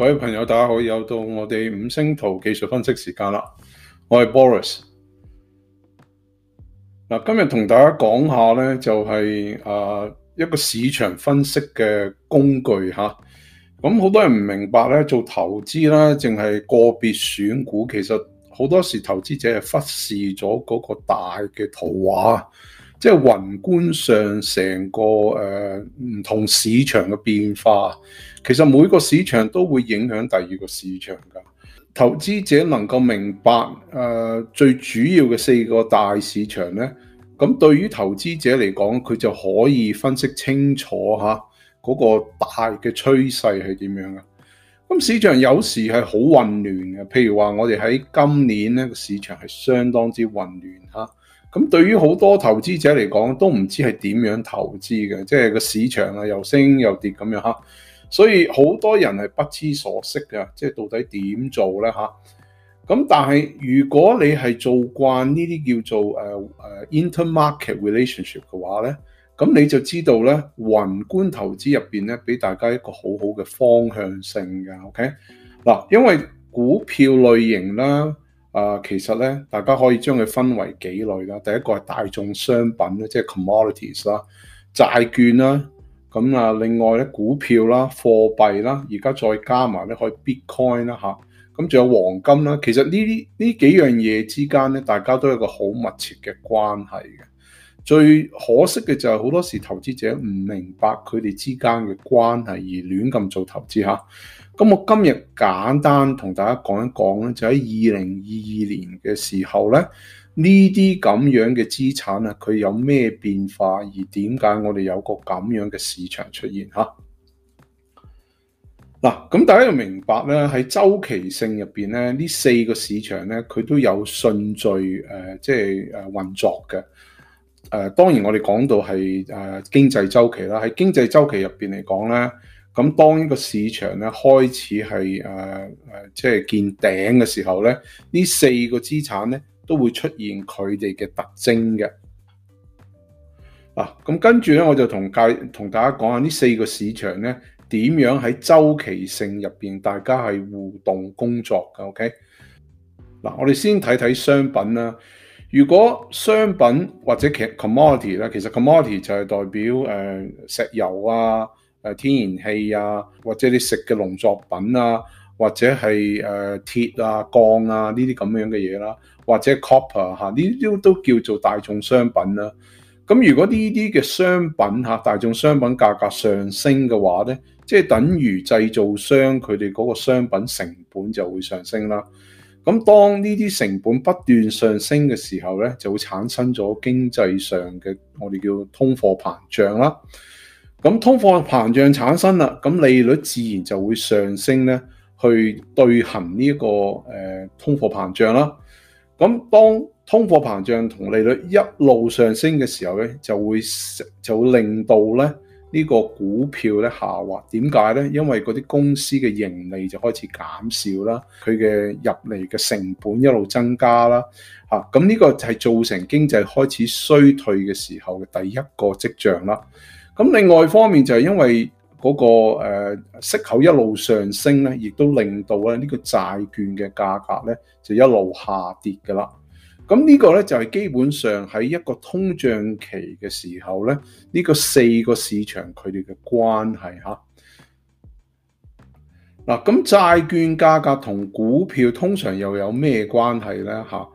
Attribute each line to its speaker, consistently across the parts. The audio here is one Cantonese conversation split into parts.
Speaker 1: 各位朋友，大家好，又到我哋五星圖技術分析時間啦。我係 Boris。嗱，今日同大家講下咧，就係誒一個市場分析嘅工具吓。咁好多人唔明白咧，做投資啦，淨係個別選股，其實好多時投資者係忽視咗嗰個大嘅圖畫。即係宏觀上成個誒唔、呃、同市場嘅變化，其實每個市場都會影響第二個市場㗎。投資者能夠明白誒、呃、最主要嘅四個大市場呢，咁對於投資者嚟講，佢就可以分析清楚嚇嗰、那個大嘅趨勢係點樣啊！咁市場有時係好混亂嘅，譬如話我哋喺今年呢個市場係相當之混亂嚇。咁對於好多投資者嚟講，都唔知係點樣投資嘅，即係個市場啊，又升又跌咁樣嚇，所以好多人係不知所識嘅，即係到底點做咧嚇。咁但係如果你係做慣呢啲叫做、uh, uh, intermarket relationship 嘅話咧，咁你就知道咧，宏觀投資入面咧，俾大家一個好好嘅方向性嘅，OK 嗱，因為股票類型啦。啊、呃，其實咧，大家可以將佢分為幾類啦。第一個係大眾商品咧，即係 commodities 啦，債券啦，咁啊，另外咧，股票啦，貨幣啦，而家再加埋咧，可以 bitcoin 啦吓，咁、啊、仲有黃金啦。其實呢啲呢幾樣嘢之間咧，大家都有一個好密切嘅關係嘅。最可惜嘅就係好多時投資者唔明白佢哋之間嘅關係，而亂咁做投資吓。啊咁我今日簡單同大家講一講咧，就喺二零二二年嘅時候咧，呢啲咁樣嘅資產啊，佢有咩變化，而點解我哋有個咁樣嘅市場出現嚇？嗱、啊，咁大家就明白咧，喺周期性入邊咧，呢四個市場咧，佢都有順序誒，即係誒運作嘅。誒、呃，當然我哋講到係誒、呃、經濟周期啦，喺經濟周期入邊嚟講咧。咁當呢個市場咧開始係誒誒，即係見頂嘅時候咧，呢四個資產咧都會出現佢哋嘅特徵嘅。啊，咁跟住咧，我就同介同大家講下呢四個市場咧點樣喺周期性入邊，大家係互動工作嘅。OK，嗱、啊，我哋先睇睇商品啦。如果商品或者其 commodity 咧，其實 commodity 就係代表誒、呃、石油啊。誒天然氣啊，或者你食嘅農作品啊，或者係誒、呃、鐵啊、鋼啊呢啲咁樣嘅嘢啦，或者 copper 嚇、啊、呢啲都叫做大眾商品啦。咁如果呢啲嘅商品嚇、啊、大眾商品價格上升嘅話呢，即、就、係、是、等於製造商佢哋嗰個商品成本就會上升啦。咁當呢啲成本不斷上升嘅時候呢，就會產生咗經濟上嘅我哋叫通貨膨脹啦。咁通貨膨脹產生啦，咁利率自然就會上升咧，去對衡呢一個誒通貨膨脹啦。咁當通貨膨脹同利率一路上升嘅時候咧，就會就會令到咧呢個股票咧下滑。點解咧？因為嗰啲公司嘅盈利就開始減少啦，佢嘅入嚟嘅成本一路增加啦。嚇，咁呢個就係造成經濟開始衰退嘅時候嘅第一個跡象啦。咁另外一方面就係因為嗰、那個誒、呃、息口一路上升咧，亦都令到咧呢個債券嘅價格咧就一路下跌㗎喇。咁呢個咧就係、是、基本上喺一個通脹期嘅時候咧，呢、這個四個市場佢哋嘅關係吓。嗱、啊，咁債券價格同股票通常又有咩關係咧？吓、啊，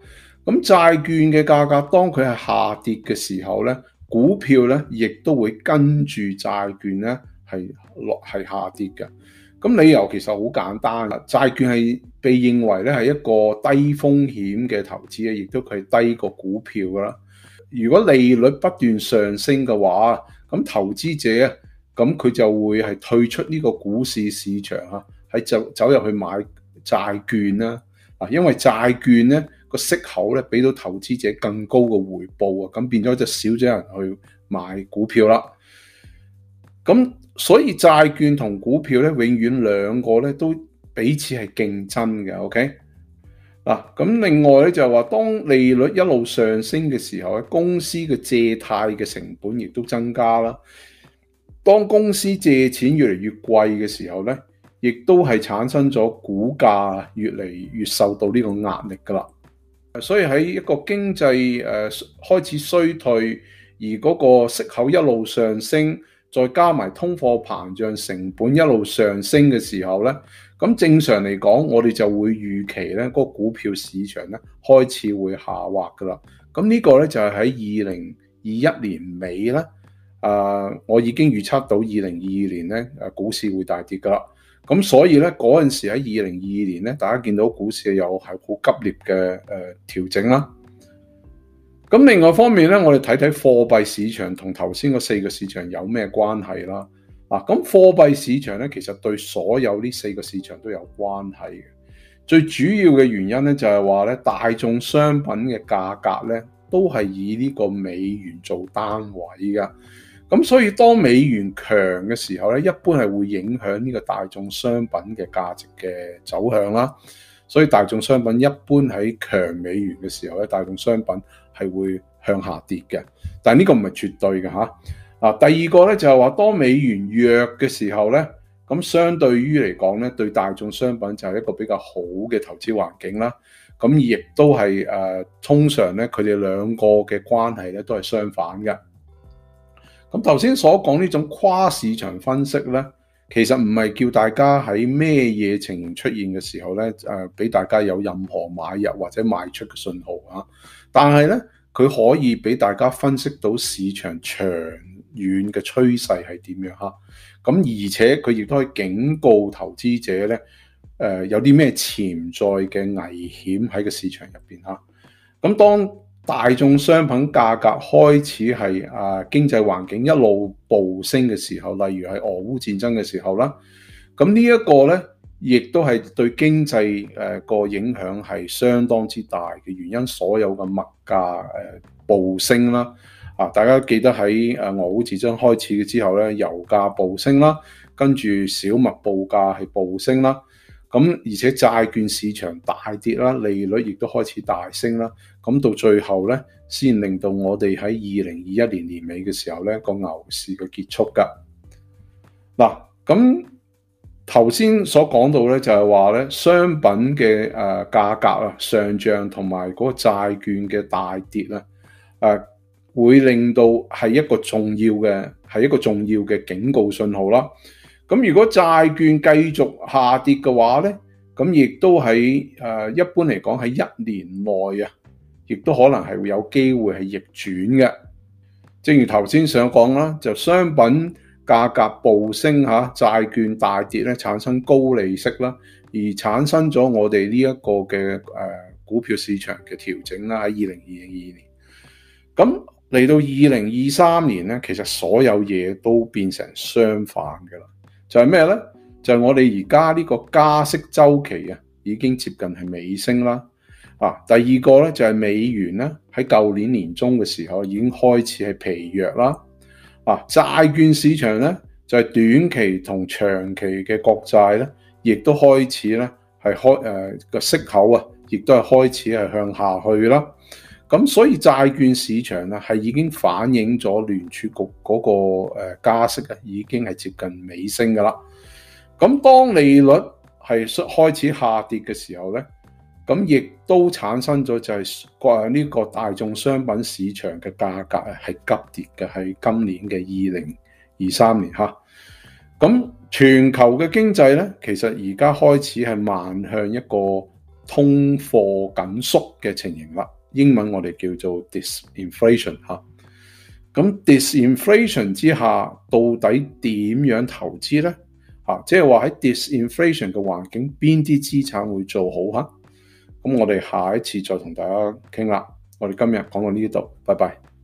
Speaker 1: 咁債券嘅價格當佢係下跌嘅時候咧？股票咧，亦都會跟住債券咧係落係下跌嘅。咁理由其實好簡單，債券係被認為咧係一個低風險嘅投資啊，亦都係低過股票噶啦。如果利率不斷上升嘅話，咁投資者咧，咁佢就會係退出呢個股市市場啊，喺走走入去買債券啦。因為債券咧，息口咧，俾到投資者更高嘅回報啊，咁變咗就少咗人去買股票啦。咁所以債券同股票咧，永遠兩個咧都彼此係競爭嘅。OK 嗱，咁另外咧就係話，當利率一路上升嘅時候咧，公司嘅借貸嘅成本亦都增加啦。當公司借錢越嚟越貴嘅時候咧，亦都係產生咗股價越嚟越受到呢個壓力噶啦。所以喺一個經濟誒開始衰退，而嗰個息口一路上升，再加埋通貨膨脹成本一路上升嘅時候咧，咁正常嚟講，我哋就會預期咧，個股票市場咧開始會下滑噶啦。咁呢個咧就係喺二零二一年尾咧，誒我已經預測到二零二二年咧，誒股市會大跌噶啦。咁所以咧，嗰陣時喺二零二二年咧，大家見到股市有係好激烈嘅誒、呃、調整啦。咁另外一方面咧，我哋睇睇貨幣市場同頭先個四個市場有咩關係啦。啊，咁貨幣市場咧，其實對所有呢四個市場都有關係嘅。最主要嘅原因咧，就係話咧，大宗商品嘅價格咧，都係以呢個美元做單位㗎。咁所以當美元強嘅時候咧，一般係會影響呢個大眾商品嘅價值嘅走向啦。所以大眾商品一般喺強美元嘅時候咧，大眾商品係會向下跌嘅。但係呢個唔係絕對嘅嚇啊。第二個咧，就係話當美元弱嘅時候咧，咁相對於嚟講咧，對大眾商品就係一個比較好嘅投資環境啦。咁亦都係、呃、通常咧佢哋兩個嘅關係咧都係相反嘅。咁頭先所講呢種跨市場分析呢，其實唔係叫大家喺咩嘢情形出現嘅時候呢，誒、呃、俾大家有任何買入或者賣出嘅信號，但係呢，佢可以俾大家分析到市場長遠嘅趨勢係點樣咁、啊、而且佢亦都可以警告投資者呢，呃、有啲咩潛在嘅危險喺個市場入面。咁、啊、當，大眾商品價格開始係啊經濟環境一路暴升嘅時候，例如係俄烏戰爭嘅時候啦。咁呢一個咧，亦都係對經濟誒個影響係相當之大嘅原因。所有嘅物價誒暴升啦啊！大家記得喺誒俄烏戰爭開始嘅之後咧，油價暴升啦，跟住小麥報價係暴升啦。咁而且債券市場大跌啦，利率亦都開始大升啦。咁到最後呢，先令到我哋喺二零二一年年尾嘅時候呢個牛市嘅結束㗎嗱。咁頭先所講到呢呢，就係話呢，商品嘅誒、呃、價格啊上漲，同埋嗰個債券嘅大跌咧，誒、呃、會令到係一個重要嘅係一個重要嘅警告信號啦。咁如果債券繼續下跌嘅話呢，咁亦都喺誒、呃、一般嚟講喺一年內啊。亦都可能係會有機會係逆轉嘅，正如頭先想講啦，就商品價格暴升下債券大跌咧，產生高利息啦，而產生咗我哋呢一個嘅、呃、股票市場嘅調整啦。喺二零二二年，咁嚟到二零二三年咧，其實所有嘢都變成相反嘅啦。就係咩咧？就係、是、我哋而家呢個加息周期啊，已經接近係尾聲啦。啊，第二個咧就係、是、美元咧，喺舊年年中嘅時候已經開始係疲弱啦。啊，債券市場咧就係、是、短期同長期嘅國債咧，亦都開始咧係開誒個、呃、息口啊，亦都係開始係向下去啦。咁所以債券市場啊係已經反映咗聯儲局嗰個加息啊，已經係接近尾聲噶啦。咁當利率係開始下跌嘅時候咧。咁亦都產生咗，就係誒呢個大眾商品市場嘅價格係急跌嘅。喺今年嘅二零二三年嚇，咁全球嘅經濟咧，其實而家開始係邁向一個通貨緊縮嘅情形啦。英文我哋叫做 disinflation 嚇。咁 disinflation 之下到底點樣投資咧？嚇，即係話喺 disinflation 嘅環境，邊啲資產會做好嚇？咁我哋下一次再同大家傾喇，我哋今日講到呢度，拜拜。